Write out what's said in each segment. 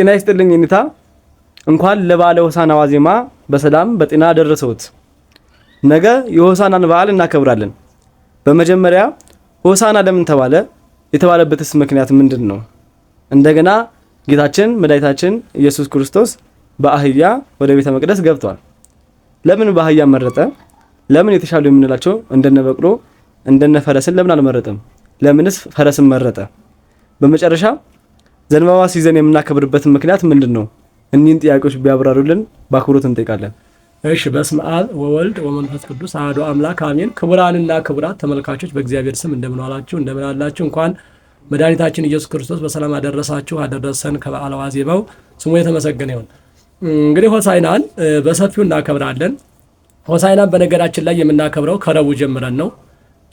ጤና ይስጥልኝ ኔታ፣ እንኳን ለበዓለ ሆሳዕና ዋዜማ በሰላም በጤና ደረሰዎት። ነገ የሆሳዕናን በዓል እናከብራለን። በመጀመሪያ ሆሳዕና ለምን ተባለ? የተባለበትስ ምክንያት ምንድን ነው? እንደገና ጌታችን መድኃኒታችን ኢየሱስ ክርስቶስ በአህያ ወደ ቤተ መቅደስ ገብቷል። ለምን በአህያ መረጠ? ለምን የተሻሉ የምንላቸው እንደነ በቅሎ እንደነ ፈረስን ለምን አልመረጠም? ለምንስ ፈረስን መረጠ? በመጨረሻ ዘንባባ ሲዘን የምናከብርበትን ምክንያት ምንድን ነው? እኒህን ጥያቄዎች ቢያብራሩልን በአክብሮት እንጠይቃለን። እሺ። በስመ አብ ወወልድ ወመንፈስ ቅዱስ አሐዱ አምላክ አሜን። ክቡራንና ክቡራት ተመልካቾች በእግዚአብሔር ስም እንደምን ዋላችሁ፣ እንደምን አላችሁ? እንኳን መድኃኒታችን ኢየሱስ ክርስቶስ በሰላም አደረሳችሁ አደረሰን። ከበዓለ ዋዜማው ስሙ የተመሰገነ ይሁን። እንግዲህ ሆሳይናን በሰፊው እናከብራለን። ሆሳይናን በነገራችን ላይ የምናከብረው ከረቡዕ ጀምረን ነው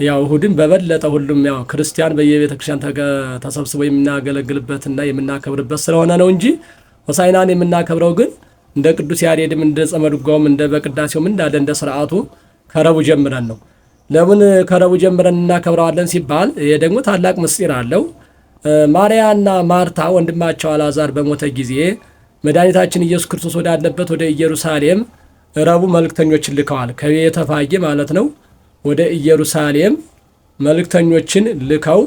ያው እሁድን በበለጠ ሁሉም ያው ክርስቲያን በየቤተ ክርስቲያን ተሰብስቦ የምናገለግልበትና የምናከብርበት ስለሆነ ነው እንጂ ሆሳዕናን የምናከብረው ግን እንደ ቅዱስ ያሬድም እንደ ጸመድጓውም እንደ በቅዳሴውም እንዳለ እንደ ስርዓቱ ከረቡ ጀምረን ነው። ለምን ከረቡ ጀምረን እናከብረዋለን ሲባል ይሄ ደግሞ ታላቅ ምስጢር አለው። ማርያና ማርታ ወንድማቸው አላዛር በሞተ ጊዜ መድኃኒታችን ኢየሱስ ክርስቶስ ወዳለበት ወደ ኢየሩሳሌም ረቡ መልክተኞች ልከዋል። ከቤተፋጌ ማለት ነው ወደ ኢየሩሳሌም መልእክተኞችን ልከው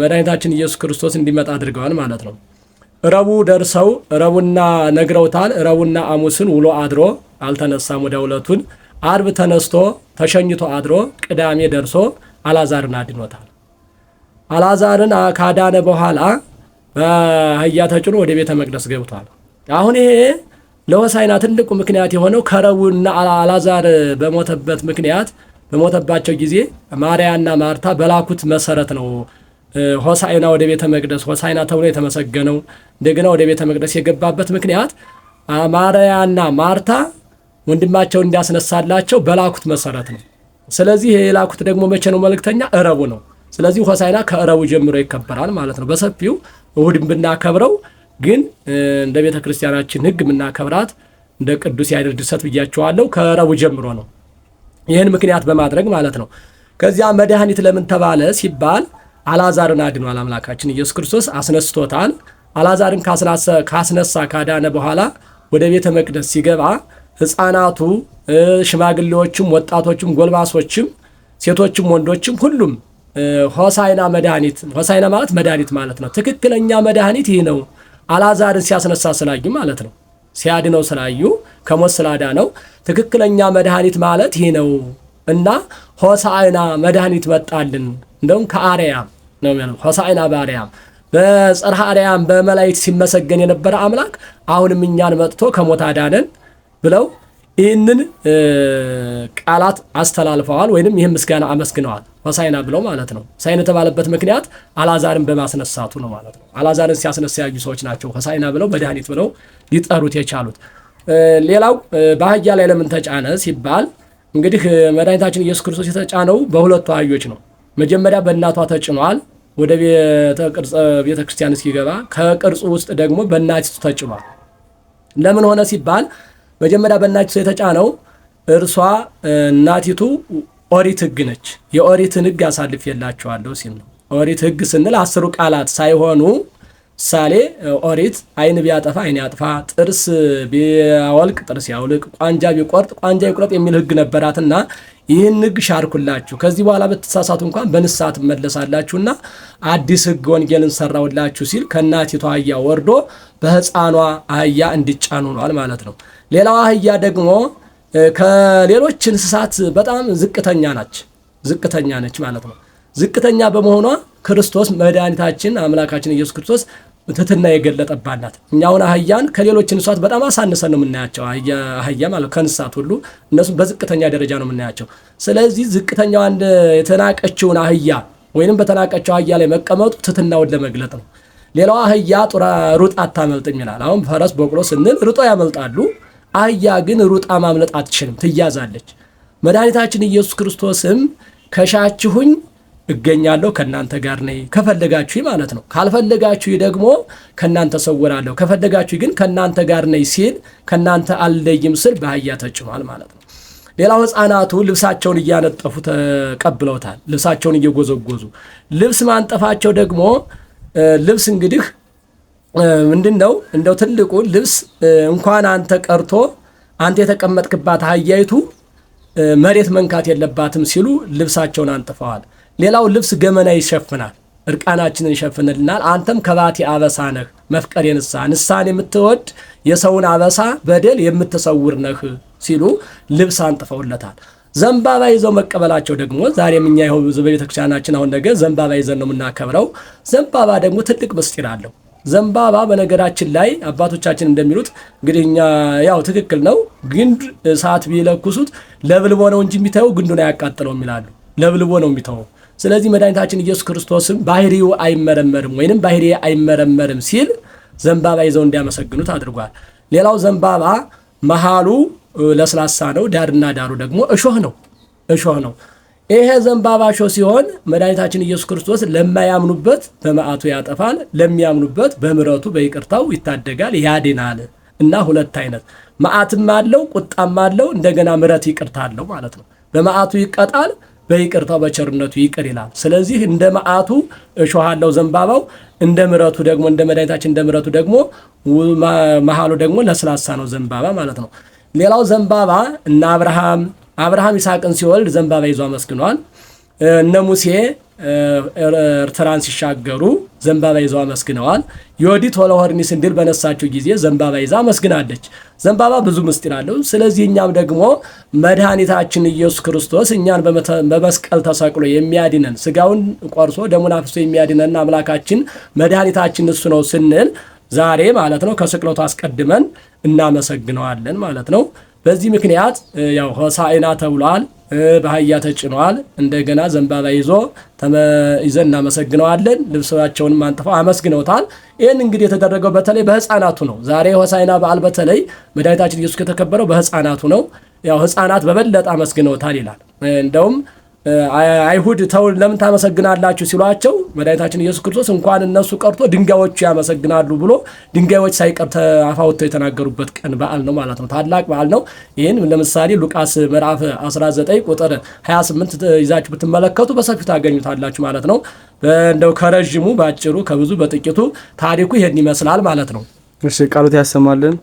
መድኃኒታችን ኢየሱስ ክርስቶስ እንዲመጣ አድርገዋል ማለት ነው። ረቡ ደርሰው ረቡና ነግረውታል። ረቡና አሙስን ውሎ አድሮ አልተነሳም። ወደ ሁለቱን አርብ ተነስቶ ተሸኝቶ አድሮ ቅዳሜ ደርሶ አላዛርን አድኖታል። አላዛርን ካዳነ በኋላ በአህያ ተጭኖ ወደ ቤተ መቅደስ ገብቷል። አሁን ይሄ ለሆሳዕና ትልቁ ምክንያት የሆነው ከረቡና አላዛር በሞተበት ምክንያት በሞተባቸው ጊዜ ማርያና ማርታ በላኩት መሰረት ነው ሆሳይና ወደ ቤተ መቅደስ ሆሳዕና ተብሎ የተመሰገነው እንደገና ወደ ቤተ መቅደስ የገባበት ምክንያት ማርያና ማርታ ወንድማቸውን እንዲያስነሳላቸው በላኩት መሰረት ነው። ስለዚህ የላኩት ደግሞ መቼ ነው? መልእክተኛ እረቡ ነው። ስለዚህ ሆሳይና ከእረቡ ጀምሮ ይከበራል ማለት ነው። በሰፊው እሁድም ብናከብረው ግን እንደ ቤተ ክርስቲያናችን ሕግ የምናከብራት እንደ ቅዱስ ያሬድ ድርሰት ብያቸዋለሁ ከእረቡ ጀምሮ ነው። ይህን ምክንያት በማድረግ ማለት ነው። ከዚያ መድኃኒት ለምን ተባለ ሲባል አላዛርን አድኗል አምላካችን ኢየሱስ ክርስቶስ አስነስቶታል። አላዛርን ካስነሳ ካዳነ በኋላ ወደ ቤተ መቅደስ ሲገባ ሕፃናቱ፣ ሽማግሌዎችም፣ ወጣቶችም፣ ጎልማሶችም፣ ሴቶችም፣ ወንዶችም ሁሉም ሆሳይና መድኃኒት ሆሳይና ማለት መድኃኒት ማለት ነው። ትክክለኛ መድኃኒት ይህ ነው። አላዛርን ሲያስነሳ ስላዩ ማለት ነው። ሲያድነው ስላዩ ከሞት ስላዳነው ትክክለኛ መድኃኒት ማለት ይህ ነው እና ሆሳዕና መድኃኒት መጣልን። እንደውም ከአርያም ነው የሚለው ሆሳዕና በአርያም በጽርሐ አርያም በመላእክት ሲመሰገን የነበረ አምላክ አሁንም እኛን መጥቶ ከሞት አዳነን ብለው ይህንን ቃላት አስተላልፈዋል ወይንም ይህን ምስጋና አመስግነዋል። ሆሳይና ብለው ማለት ነው። ሆሳዕና የተባለበት ምክንያት አላዛርን በማስነሳቱ ነው ማለት ነው። አላዛርን ሲያስነሳ ያዩ ሰዎች ናቸው ሆሳይና ብለው መድኃኒት ብለው ሊጠሩት የቻሉት። ሌላው በአህያ ላይ ለምን ተጫነ ሲባል እንግዲህ መድኃኒታችን ኢየሱስ ክርስቶስ የተጫነው በሁለቱ አህዮች ነው። መጀመሪያ በእናቷ ተጭኗል ወደ ቤተ ክርስቲያን እስኪገባ፣ ከቅርጹ ውስጥ ደግሞ በእናቲቱ ተጭኗል። ለምን ሆነ ሲባል መጀመሪያ በእናቲቱ የተጫነው እርሷ እናቲቱ ኦሪት ሕግ ነች። የኦሪትን ሕግ የላቸዋለሁ ሲል ነው። ኦሪት ሕግ ስንል አስሩ ቃላት ሳይሆኑ ምሳሌ ኦሪት አይን ቢያጠፋ አይን ያጥፋ፣ ጥርስ ቢያወልቅ ጥርስ ያውልቅ፣ ቋንጃ ቢቆርጥ ቋንጃ ይቁረጥ የሚል ህግ ነበራትና ይህን ህግ ሻርኩላችሁ። ከዚህ በኋላ በተሳሳቱ እንኳን በንስሐ ትመለሳላችሁና አዲስ ህግ ወንጌልን ሰራውላችሁ ሲል ከእናቲቷ አህያ ወርዶ በህፃኗ አህያ እንዲጫን ነዋል ማለት ነው። ሌላዋ አህያ ደግሞ ከሌሎች እንስሳት በጣም ዝቅተኛ ናች ዝቅተኛ ነች ማለት ነው። ዝቅተኛ በመሆኗ ክርስቶስ መድኃኒታችን አምላካችን ኢየሱስ ክርስቶስ ትትና የገለጠባናት እኛሁን እኛውን አህያን ከሌሎች እንስሳት በጣም አሳንሰን ነው የምናያቸው። አህያ ማለት ከእንስሳት ሁሉ እነሱ በዝቅተኛ ደረጃ ነው የምናያቸው። ስለዚህ ዝቅተኛው አንድ የተናቀችውን አህያ ወይንም በተናቀችው አህያ ላይ መቀመጡ ትትናውን ለመግለጥ ነው። ሌላው አህያ ጡራ ሩጥ አታመልጥም ይላል። አሁን ፈረስ፣ በቅሎ ስንል ሩጦ ያመልጣሉ። አህያ ግን ሩጣ ማምለጥ አትችልም፣ ትያዛለች። መድኃኒታችን ኢየሱስ ክርስቶስም ከሻችሁኝ እገኛለሁ ከእናንተ ጋር ነኝ ከፈለጋችሁ ማለት ነው። ካልፈለጋችሁ ደግሞ ከእናንተ ሰውራለሁ፣ ከፈለጋችሁ ግን ከእናንተ ጋር ነኝ ሲል ከእናንተ አልለይም ስል በአህያ ተጭኗል ማለት ነው። ሌላው ህፃናቱ ልብሳቸውን እያነጠፉ ተቀብለውታል። ልብሳቸውን እየጎዘጎዙ ልብስ ማንጠፋቸው ደግሞ ልብስ እንግዲህ ምንድን ነው እንደው ትልቁ ልብስ እንኳን አንተ ቀርቶ አንተ የተቀመጥክባት አህያይቱ መሬት መንካት የለባትም ሲሉ ልብሳቸውን አንጥፈዋል። ሌላው ልብስ ገመና ይሸፍናል፣ እርቃናችንን ይሸፍንልናል። አንተም ከባቴ አበሳ ነህ መፍቀር የንሳ ንሳን የምትወድ የሰውን አበሳ በደል የምትሰውር ነህ ሲሉ ልብስ አንጥፈውለታል። ዘንባባ ይዘው መቀበላቸው ደግሞ ዛሬም እኛ ይኸው በቤተክርስቲያናችን አሁን ነገ ዘንባባ ይዘን ነው የምናከብረው። ዘንባባ ደግሞ ትልቅ ምስጢር አለው። ዘንባባ በነገራችን ላይ አባቶቻችን እንደሚሉት እንግዲህ እኛ ያው ትክክል ነው፣ ግንድ እሳት ቢለኩሱት ለብልቦ ነው እንጂ የሚተው ግንዱን አያቃጥለውም ይላሉ። ለብልቦ ነው የሚተወው ስለዚህ መድኃኒታችን ኢየሱስ ክርስቶስ ባህሪው አይመረመርም ወይንም ባህሪ አይመረመርም ሲል ዘንባባ ይዘው እንዲያመሰግኑት አድርጓል። ሌላው ዘንባባ መሃሉ ለስላሳ ነው፣ ዳርና ዳሩ ደግሞ እሾህ ነው እሾህ ነው። ይሄ ዘንባባ እሾህ ሲሆን መድኃኒታችን ኢየሱስ ክርስቶስ ለማያምኑበት በመዓቱ ያጠፋል፣ ለሚያምኑበት በምረቱ በይቅርታው ይታደጋል፣ ያድናል እና ሁለት አይነት መዓትም አለው ቁጣም አለው እንደገና ምረት ይቅርታ አለው ማለት ነው። በመዓቱ ይቀጣል በይቅርታው በቸርነቱ ይቅር ይላል። ስለዚህ እንደ መዓቱ እሾሃለው ዘንባባው እንደ ምረቱ ደግሞ እንደ መድኃኒታችን እንደ ምረቱ ደግሞ መሃሉ ደግሞ ለስላሳ ነው ዘንባባ ማለት ነው። ሌላው ዘንባባ እነ አብርሃም አብርሃም ይስሐቅን ሲወልድ ዘንባባ ይዞ አመስግኗል። እነ ሙሴ ኤርትራን ሲሻገሩ ዘንባባ ይዘው አመስግነዋል። ዮዲት ሆለሆርኒ ስንድል በነሳችው ጊዜ ዘንባባ ይዛ አመስግናለች። ዘንባባ ብዙ ምስጢር አለው። ስለዚህ እኛም ደግሞ መድኃኒታችን ኢየሱስ ክርስቶስ እኛን በመስቀል ተሰቅሎ የሚያድነን ስጋውን ቆርሶ ደሙን አፍሶ የሚያድነን አምላካችን መድኃኒታችን እሱ ነው ስንል ዛሬ ማለት ነው ከስቅለቱ አስቀድመን እናመሰግነዋለን ማለት ነው። በዚህ ምክንያት ያው ሆሳዕና ተብሏል። በአህያ ተጭኗል። እንደገና ዘንባባ ይዞ ይዘን እናመሰግነዋለን። ልብሳቸውንም አንጥፈው አመስግነውታል። ይህን እንግዲህ የተደረገው በተለይ በህፃናቱ ነው። ዛሬ ሆሳዕና በዓል በተለይ መድኃኒታችን ኢየሱስ ከተከበረው በህፃናቱ ነው። ያው ህፃናት በበለጠ አመስግነውታል ይላል እንደውም አይሁድ ተው ለምን ታመሰግናላችሁ ሲሏቸው መድኃኒታችን ኢየሱስ ክርስቶስ እንኳን እነሱ ቀርቶ ድንጋዮቹ ያመሰግናሉ ብሎ ድንጋዮች ሳይቀር አፋውተው የተናገሩበት ቀን በዓል ነው ማለት ነው። ታላቅ በዓል ነው። ይህን ለምሳሌ ሉቃስ ምዕራፍ 19 ቁጥር 28 ይዛችሁ ብትመለከቱ በሰፊው ታገኙታላችሁ ማለት ነው። እንደው ከረዥሙ በአጭሩ ከብዙ በጥቂቱ ታሪኩ ይሄን ይመስላል ማለት ነው። እሺ ቃሉት ያሰማልን።